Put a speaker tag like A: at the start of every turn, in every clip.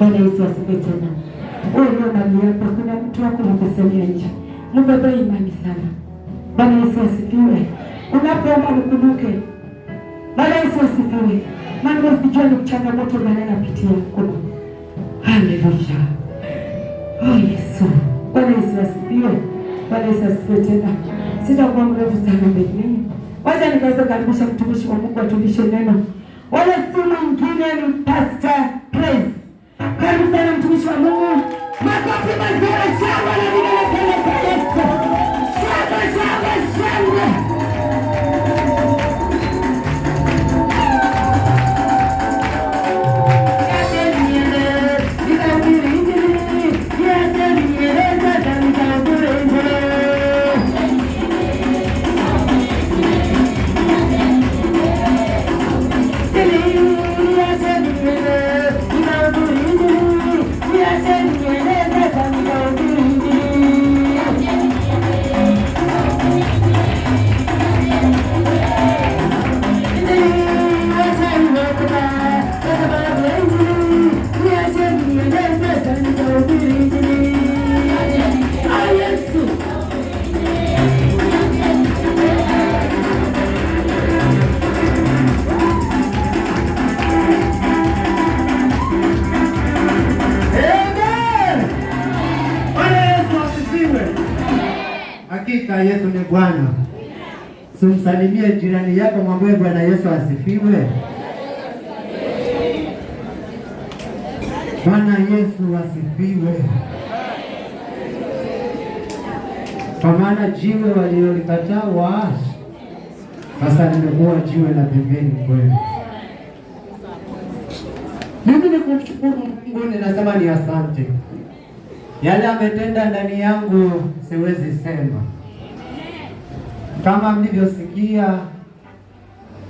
A: Bwana Yesu asifiwe tena. Wewe mali yako kuna mtu wako anakusemea nje. Mbebe imani sana. Bwana Yesu asifiwe. Unapoomba mkumbuke. Bwana Yesu asifiwe. Maana usijua ni changamoto gani anapitia huko. Haleluya. Oh Yesu. Bwana Yesu asifiwe. Bwana Yesu asifiwe tena. Sitakuwa mrefu sana mimi. Wacha nikaweza karibisha mtumishi wa Mungu atumishe neno. Wala si mwingine ni Pastor Praise. Karibu sana mtumishi wa Mungu, makofi mazuri sana mwambie jirani yako, mwambie Bwana Yesu asifiwe. Bwana Yesu asifiwe. Kwa maana jiwe waliolikataa waashi, sasa limekuwa jiwe la pembeni kwenu. Mimi ni kumshukuru Mungu, ninasema ni asante. Yale ametenda ndani yangu siwezi sema kama mlivyosikia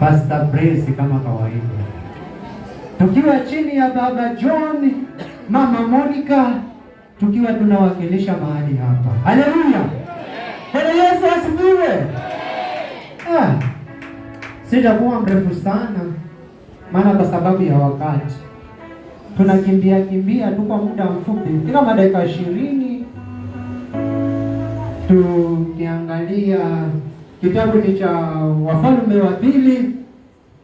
A: Pastor Brace, kama kawaida, tukiwa chini ya Baba John, Mama Monica, tukiwa tunawakilisha mahali hapa. Haleluya, Bwana Yesu asifiwe. Ah, sitakuwa mrefu sana, maana kwa sababu ya wakati tunakimbia kimbia tu kwa muda mfupi, kila madakika ishirini tukiangalia Kitabu ni cha Wafalme wa Pili,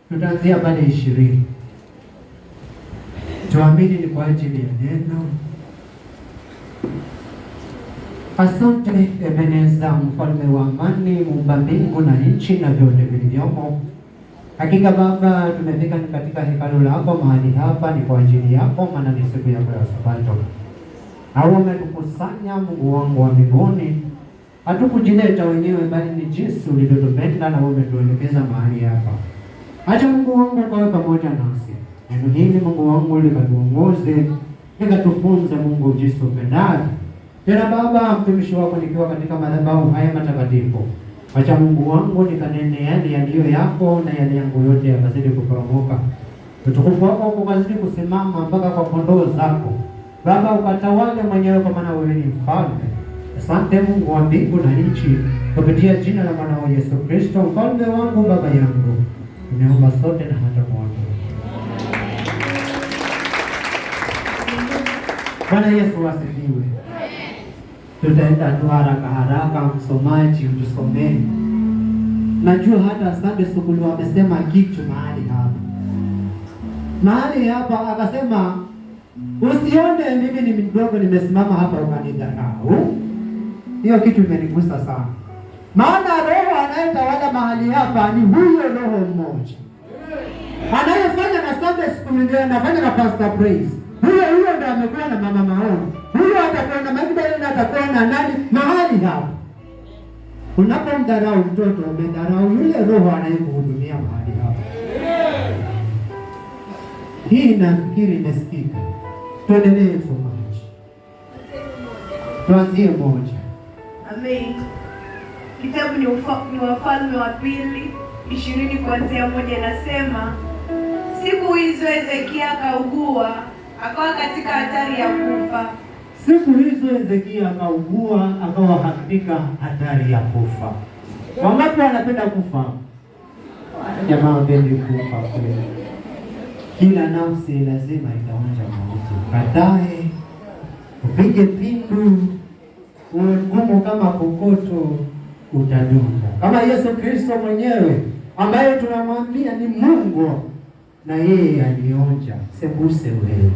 A: tutaanzia pale ishirini. Tuamini ni kwa ajili ya neno. Asante Ebeneza, mfalme wa amani, muumba mbingu na nchi na vyote vilivyomo. Hakika Baba, tumefika katika hekalu lako, mahali hapa ni kwa ajili yako, maana ni siku yako ya Sabato. Au umetukusanya Mungu wangu wa mbinguni hatukujileta wenyewe, bali ni jinsi ulivyotupenda na umetuelekeza mahali hapa. Acha Mungu wangu ukawe pamoja nasi. Neno hili Mungu wangu likatuongoze, likatufunze Mungu jinsi upendavyo. Tena Baba, mtumishi wako nikiwa katika madhabahu haya matakatifu, acha Mungu wangu nikanene yale yaliyo yako na yale yangu yote yakazidi kuporomoka, utukufu wako ukazidi kusimama mpaka kwa kondoo zako Baba, ukatawale mwenyewe, kwa maana wewe ni mfalme Asante Mungu wa mbingu na nchi, kupitia jina la mwanao Yesu Kristo, mfalme wangu, baba yangu, nimeomba sote na hata mwangu. Bwana Yesu asifiwe. Tutaenda tu haraka haraka, msomaji utusomee. Najua hata sande sukulu amesema kitu mahali hapa, mahali hapa akasema, usione mimi ni mdogo nimesimama hapa ukanidharau hiyo kitu imenigusa sana, maana roho anayetawala mahali hapa ni huyo roho mmoja anayefanya na Sunday school, ndio anafanya na Pastor Praise. Huyo huyo ndiye amekuwa na mama Maono, huyo atakuwa na Magdalena na atakuwa na nani mahali hapa. Unapomdharau mtoto umedharau yule roho anayekuhudumia mahali hapa. Hii nafikiri imesikika. Tuendelee somaji, tuanzie moja
B: Mei. Kitabu ni Wafalme wa Pili ishirini kuanzia moja, inasema siku hizo Hezekia akaugua akawa katika hatari ya kufa.
A: Siku hizo Hezekia akaugua akawa katika hatari ya kufa. Wangapi wanapenda kufa? Jamaa wapendi kufa kweli. Kila nafsi lazima itaonja mauti, ukatae upige pindu yako kama kokoto utadunda, kama Yesu Kristo mwenyewe ambaye tunamwambia ni Mungu na yeye alionja, sembuse wewe.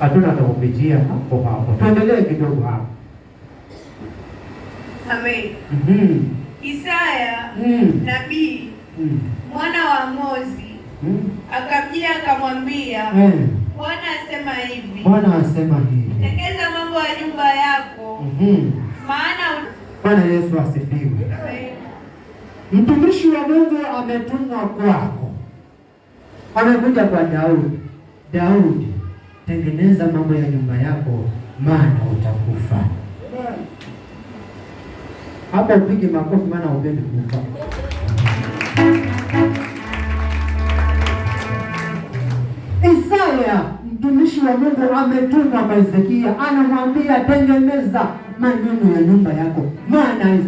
A: Hatuna takupitia hapo hapo, tuendelee kidogo hapo.
B: Amen. Mm-hmm. Isaya mm. nabii mm. mwana wa Amozi mm. akamjia akamwambia, Bwana asema hivi,
A: Bwana asema hivi
B: katika nyumba yako. Mm-hmm. Maana
A: Bwana Yesu asifiwe. Mtumishi wa Mungu ametumwa kwako, amekuja kwa Daudi. Daudi, tengeneza mambo ya nyumba yako, maana utakufa. Hapa upige makofi, maana upendi kufa. Mtumishi wa Mungu ametuma Hezekia, anamwambia tengeneza maneno ya nyumba yako, maana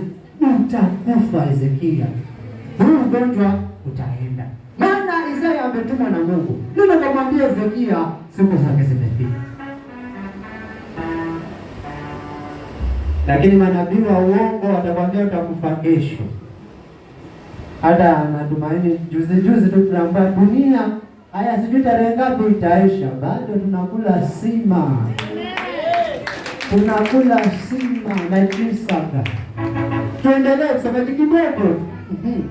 A: utakufa Hezekia, huu ugonjwa utaenda. Maana Isaya ametumwa na Mungu kamwambia Hezekia, siku zake zimefika. Lakini manabii wa uongo watakwambia utakufa kesho. Hata natumaini juzi juzi tu tunaambia dunia Haya, sijui tarehe ngapi itaisha, bado tunakula sima, tunakula sima na chisaka. Tuendelee kusemaji kidogo. Mhm.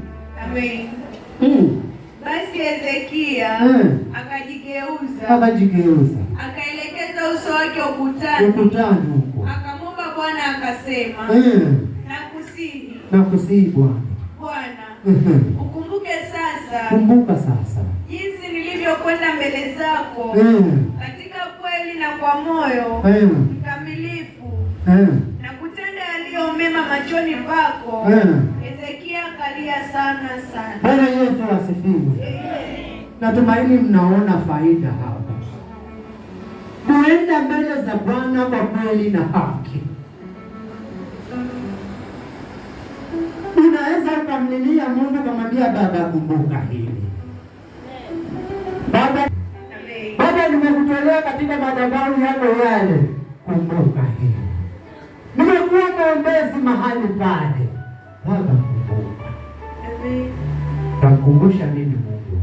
B: Mm. Basi Hezekia mm. akajigeuza,
A: akajigeuza,
B: akaelekeza uso wake ukutani,
A: ukutani huko,
B: akamwomba Bwana akasema, mm. nakusihi,
A: nakusihi Bwana,
B: Bwana mhm. ukumbuke sasa,
A: kumbuka sasa
B: kwenda mbele zako mm. katika kweli na kwa moyo mm. mkamilifu mm. na kutenda yaliyo mema machoni pako Ezekia kalia sana sana.
A: Bwana Yesu asifiwe. Natumaini mnaona faida hapa kuenda mbele za Bwana kwa kweli na haki. Unaweza ukamlilia Mungu kumwambia Baba, kumbuka hili Baba, Baba, nimekutolea katika madhabahu yako yale, kumbuka hili. Nimekuwa mwombezi mahali pale, Baba kumbuka, takumbusha nini Mungu?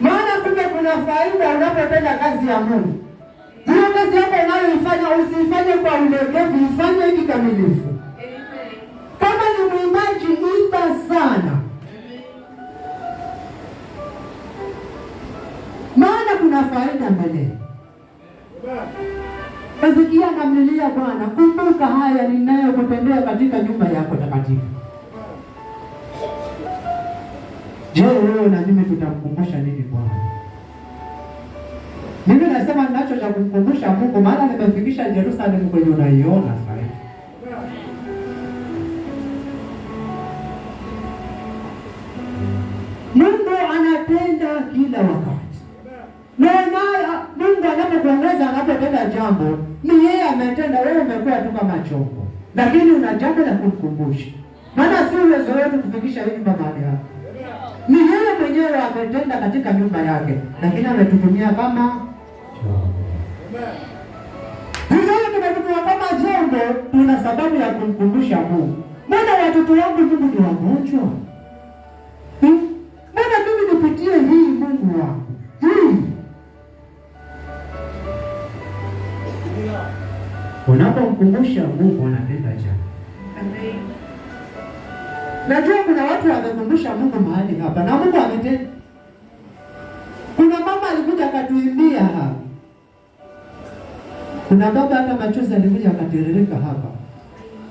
A: Maana kumbe kuna faida unapotenda kazi ya Mungu. Hiyo kazi yako unayoifanya usiifanye kwa ulegevu, ifanye kikamilifu akiba sana, maana kuna faida mbele. Hezekia akamlilia Bwana, kumbuka haya ninayokutendea katika nyumba yako takatifu. Je, wewe na mimi tutamkumbusha nini Bwana? Mimi nasema ninacho cha kumkumbusha Mungu, maana nimefikisha Yerusalemu kwenye unaiona kila wakati. Na naye ah, Mungu anapokuongoza anapotenda jambo, ni yeye ametenda, wewe umekuwa tu kama chombo, lakini una jambo la kumkumbusha, maana si uwezo wetu kufikisha hili mahali hapa, ni yeye mwenyewe ametenda katika nyumba yake, lakini ametutumia kama tumetumiwa kama chombo. Tuna sababu ya kumkumbusha Mungu, maana watoto wangu, Mungu ni wagonjwa majukumu yangu. Hii unapomkumbusha Mungu anatenda jambo. Najua kuna watu wamekumbusha Mungu mahali hapa na Mungu ametenda. Kuna mama alikuja akatuimbia hapa, kuna baba hata machozi alikuja akatiririka hapa,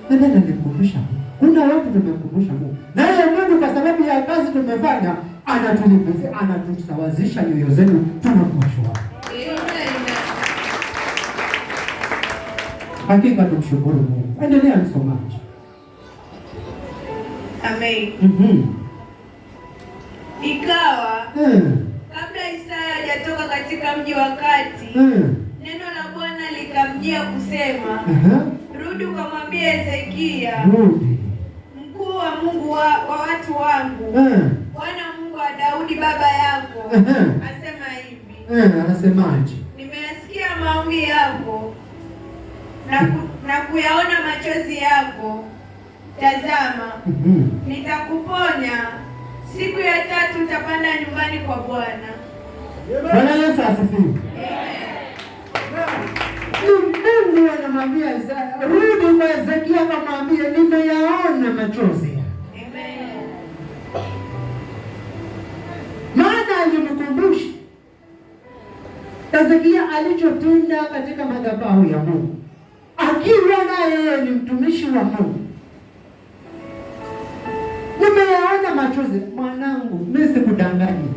A: nenda nikumbusha Mungu. Kuna watu tumekumbusha Mungu naye yeye Mungu, kwa sababu ya kazi tumefanya anatulimbiza, anatusawazisha nyoyo zenu, tunakushukuru hakika, tumshukuru Mungu. Endelea msomaji.
B: Amen. Mhm. Ikawa eh. kabla Isaya hajatoka katika mji wa kati, eh. neno la Bwana likamjia kusema, rudi ukamwambia Hezekia, mkuu wa Mungu wa, wa watu wangu eh. Bwana wa Daudi baba yako asema hivi.
A: Eh, anasemaje?
B: Nimeyasikia maombi yako na, ku, na kuyaona machozi yako. Tazama, mhm. nitakuponya. Siku ya tatu utapanda nyumbani kwa Bwana.
A: Bwana Yesu asifiwe. Mungu anamwambia Isaya, rudi kwa Hezekia, akamwambia nimeyaona machozi alitukumbusha Hezekia alichotenda katika madhabahu ya Mungu, akiwa na yeye ni mtumishi wa Mungu. Nimeyaona machozi mwanangu, mimi sikudanganya.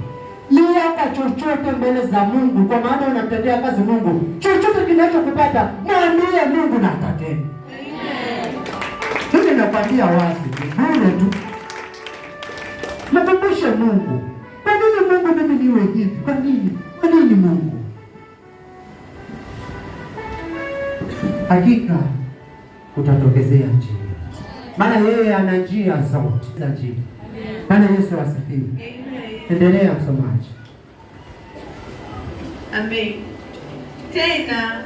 A: Liaka chochote mbele za Mungu, kwa maana unamtendea kazi Mungu. Chochote kinachokupata mwambie Mungu na Mimi nakwambia wazi, bure tu, mkumbushe Mungu mbona mimi niwe hivi? Kwa nini? Kwa nini Mungu? Hakika utatokezea njia, maana yeye ana njia sauti za njia. Maana Yesu asifiwe. Endelea msomaji.
B: Amen. Tena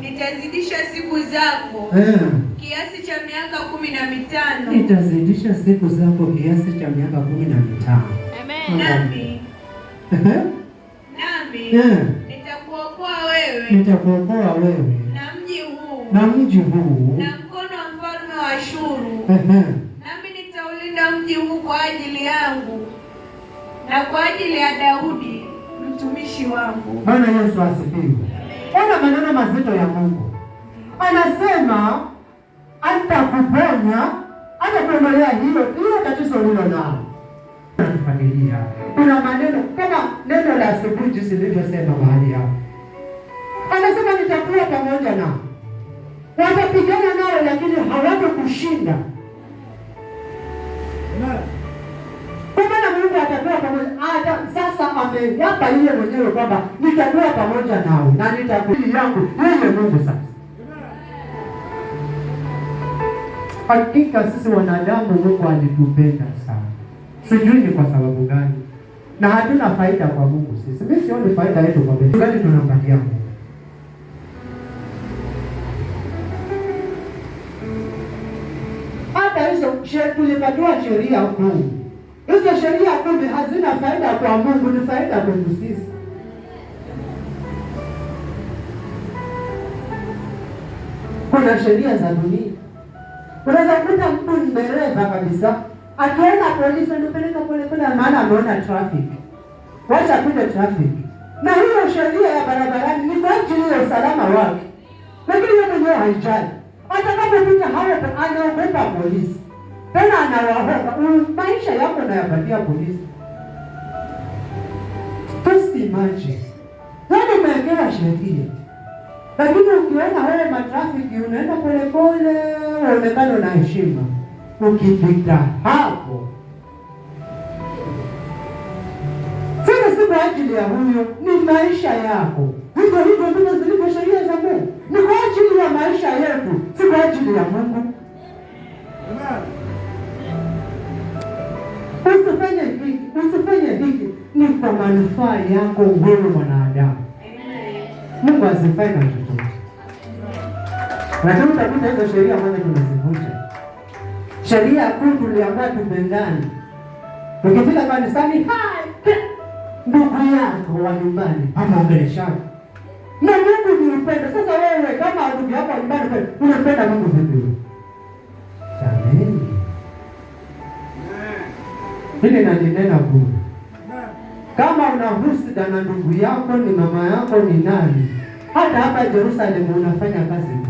B: nitazidisha siku zako eh. kiasi cha miaka kumi na mitano.
A: Nitazidisha siku zako kiasi cha miaka kumi na mitano.
B: Amen. Amen
A: nitakuokoa wewe
B: na mji huu
A: na mkono
B: wa mfalme wa Ashuru, nami nitaulinda mji huu kwa ajili yangu na kwa ajili ya Daudi mtumishi wangu.
A: Bwana Yesu asifiwe. Ona maneno mazito ya Mungu, anasema atakuponya, atakuondolea hiyo hilo tatizo ulilo nalo. Familia, kuna maneno tena la asubuhi jinsi nilivyosema mahali hapo, anasema nitakuwa pamoja nao, watapigana nao, lakini hawatakushinda. Kwa maana Mungu atakuwa pamoja hata sasa. Ameyapa yeye mwenyewe kwamba nitakuwa pamoja nao na nitakuwa yangu. Yeye Mungu sasa. Hakika sisi wanadamu Mungu alitupenda sana, sijui ni kwa sababu gani na hatuna faida kwa Mungu sisi. Mimi sioni faida yetu kwa Mungu. Gani tunampatia Mungu? Hata hizo tulipatiwa sheria kuu. Hizo sheria kuu hazina faida kwa Mungu, ni faida kwetu sisi. Kuna sheria za dunia. Unaweza kuta mtu ni dereva kabisa Akaweka polisi anapeleka pole pole, maana ameona traffic, wacha kuja traffic. Na hiyo sheria ya barabarani ni kwa ajili ya usalama wake, lakini yeye mwenyewe haijali. Atakapopita hapo anaogopa polisi, tena anawahoga. Maisha yako unayapatia polisi, just imagine. Yani umewekewa sheria, lakini ukiona wewe matrafiki unaenda polepole, unaonekana una heshima ukifika hapo sasa, si kwa ajili ya huyo, ni maisha yako. Hivyo hivyo ndivyo zilivyo sheria za Mungu, ni kwa ajili ya maisha yetu, si kwa ajili ya Mungu. Usifanye hiki, usifanye hiki, ni kwa manufaa yako wewe mwanadamu. Mungu azifanye na chochote, lakini utakuta hizo sheria sheria kundu liambaa tupendani. Ukifika kanisani, hai ndugu yako wa nyumbani ama ugeleshana na Mungu ni upendo. Sasa wewe kama ndugu yako wa nyumbani unampenda Mungu vipi? Sameni hili nalinena kuu, kama una husda na ndugu yako, ni mama yako, ni nani, hata hapa jerusalemu unafanya kazi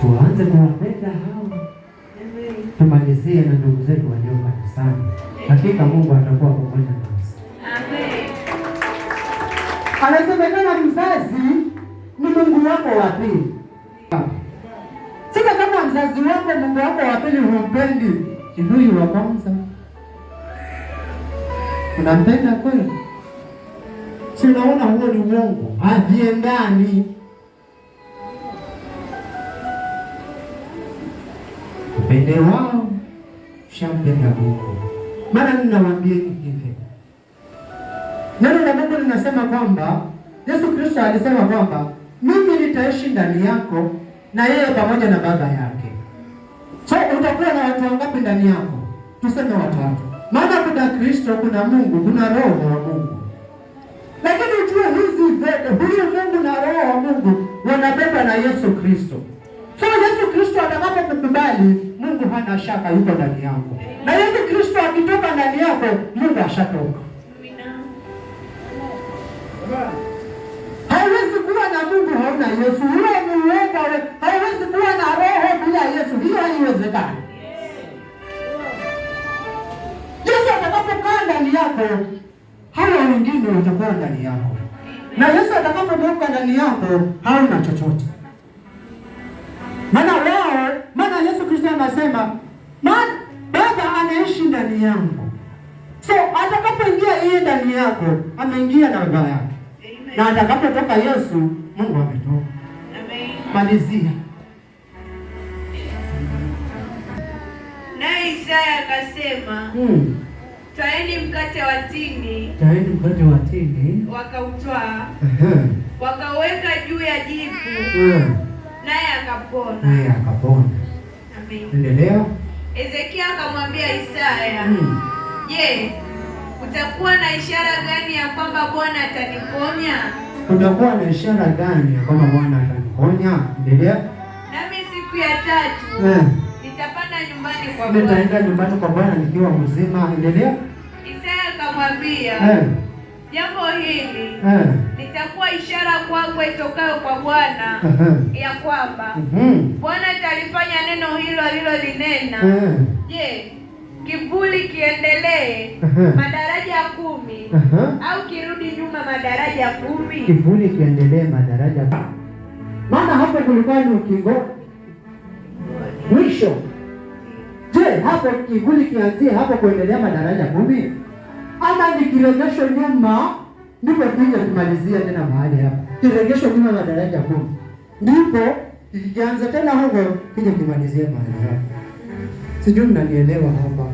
A: tuanze kuwapenda hawa, tumalizie na ndugu zetu walio kanisani. Hakika Mungu atakuwa pamoja nasi. Anasemekana mzazi ni Mungu wako wa pili. Sasa kama mzazi wako Mungu wako wa pili humpendi, huyu wa kwanza unampenda kweli? Si unaona, huo ni uongo, haviendani. Ole wao shampenda Mungu, maana ninawaambieni hivi, neno la Mungu linasema kwamba Yesu Kristo alisema kwamba mimi nitaishi ndani yako na yeye pamoja na baba yake. So utakuwa na watu wangapi ndani yako? Tuseme watatu, maana kuna Kristo, kuna Mungu, kuna roho wa Mungu. Lakini ujue hizi huyu Mungu na roho wa Mungu wanabeba na Yesu Kristo So Yesu Kristo kukubali, Mungu hana shaka, yuko ndani yako, na Yesu Kristo akitoka ndani yako, Mungu ashatoka. Haiwezi kuwa na Mungu hauna Yesu, huyo ni uongo. Haiwezi kuwa na roho bila Yesu, hiyo haiwezekani. Yesu atakapokaa ndani yako, hawa wengine watakuwa ndani yako, na Yesu atakapomoka ndani yako, hauna chochote. Maana wao, maana Yesu Kristo anasema maana Baba anaishi ndani yangu, so atakapoingia yeye ndani yako ameingia na baba yake, na atakapotoka Yesu Mungu ametoka. Malizia
B: naye Isaya akasema hmm. Twaeni mkate wa tini,
A: twaeni mkate wa tini,
B: wakautwaa wakauweka juu ya jivu hmm akapona.
A: Naye akapona. Amen. Endelea.
B: Ezekia akamwambia Isaya, hmm. Je, utakuwa na ishara gani ya kwamba Bwana ataniponya?
A: Utakuwa na ishara gani ya kwamba Bwana ataniponya? Endelea.
B: Nami siku ya tatu hmm. nitapanda nyumbani kwa
A: Bwana. Nitaenda nyumbani kwa Bwana nikiwa mzima. Endelea.
B: Isaya akamwambia hmm. Jambo hili eh. litakuwa ishara kwako itokayo kwa Bwana ya kwamba mhm. Bwana atalifanya neno hilo alilolinena. Je, kivuli kiendelee madaraja kumi au kirudi nyuma madaraja kumi?
A: Kivuli kiendelee madaraja kumi, maana hapo kulikuwa ni ukingo mwisho. Je, hapo kivuli kianzie hapo kuendelea madaraja kumi? ama ni kiregesho nyuma, ndipo kuja kumalizia tena mahali hapa, kiregesho nyuma na daraja kumi, ndipo tukianza tena huko kija kumalizia mahali hapa. Sijui mnanielewa hapa,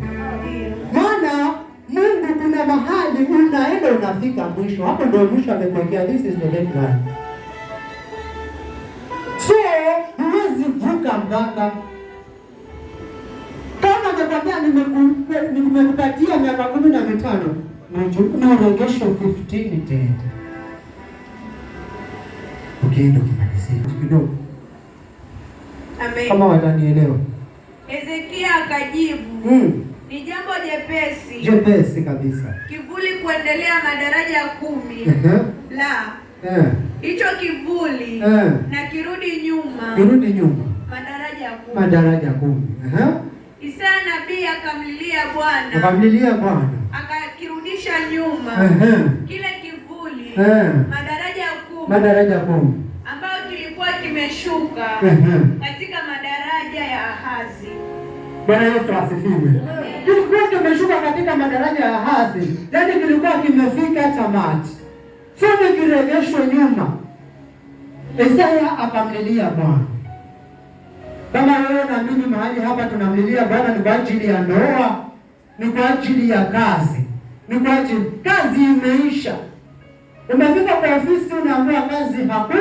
A: maana Mungu kuna mahali unaenda unafika mwisho, hapo ndio mwisho amekuwekea. This is the deadline, so huwezi vuka mpaka nikamwambia nimekupatia miaka kumi na mitano nauregesho 15 tena ukiendo kimalizia kidogo kama watanielewa.
B: Hezekia akajibu mm. Ni jambo jepesi
A: jepesi kabisa,
B: kivuli kuendelea madaraja kumi. La eh. hicho uh. kivuli uh. Eh. na kirudi nyuma,
A: kirudi nyuma
B: madaraja kumi,
A: madaraja kumi. uh -huh.
B: Isaya nabii akamlilia Bwana,
A: akamlilia Bwana
B: akakirudisha nyuma kile kivuli madaraja kumi,
A: madaraja kumi
B: ambayo kilikuwa kimeshuka katika madaraja ya Ahazi.
A: Bwana Yesu asifiwe. Kilikuwa kimeshuka katika madaraja ya Ahazi, yaani kilikuwa kimefika tamati, sasa kiregeshwe nyuma. Isaya akamlilia Bwana kama wewe na mimi mahali hapa tunamlilia Bwana ni kwa ajili ya ndoa, ni kwa ajili ya kazi, ni kwa ajili kazi imeisha. Umefika kwa ofisi unaambiwa kazi hapo.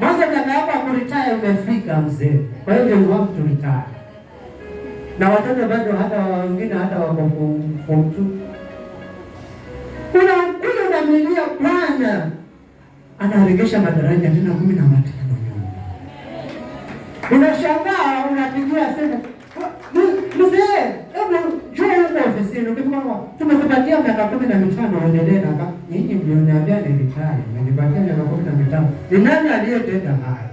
A: Mwanzo miaka yako akuritaya umefika mzee, kwa hiyo turitaya na watoto bado, hata wengine hata wako kwa mtu. Kuna unamlilia Bwana anaregesha madaraja tena kumi na matatu Unashangaa unapigia simu mzee, hebu jua yuko ofisini, ukisema tumetupatia miaka kumi na mitano endelee na nyinyi mlioniambia nilitae, mmenipatia miaka kumi na mitano ni nani aliyetenda haya?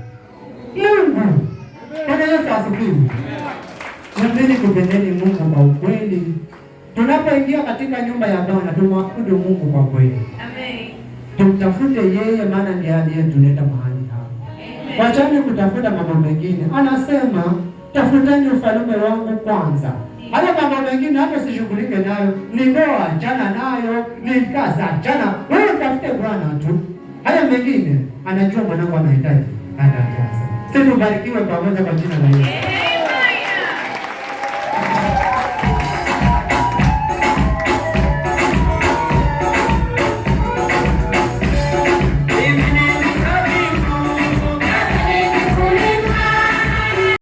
A: Mungu. Bwana Yesu asifiwe. Nendeni kupendeni Mungu kwa ukweli. Tunapoingia katika nyumba ya Bwana tumwabudu Mungu kwa kweli. Amen. Tumtafute yeye maana ndiye aliyetuleta mahali wachani kutafuta mambo mengine. Anasema tafuteni ufalme wangu kwanza, haya mambo mengine hata usishughulike nayo. Ni ndoa, achana nayo. Ni kaza, achana wewe, tafute Bwana tu. Haya mengine anajua mwanangu anahitaji, anajaza. Situbarikiwe pamoja kwa jina la Yesu.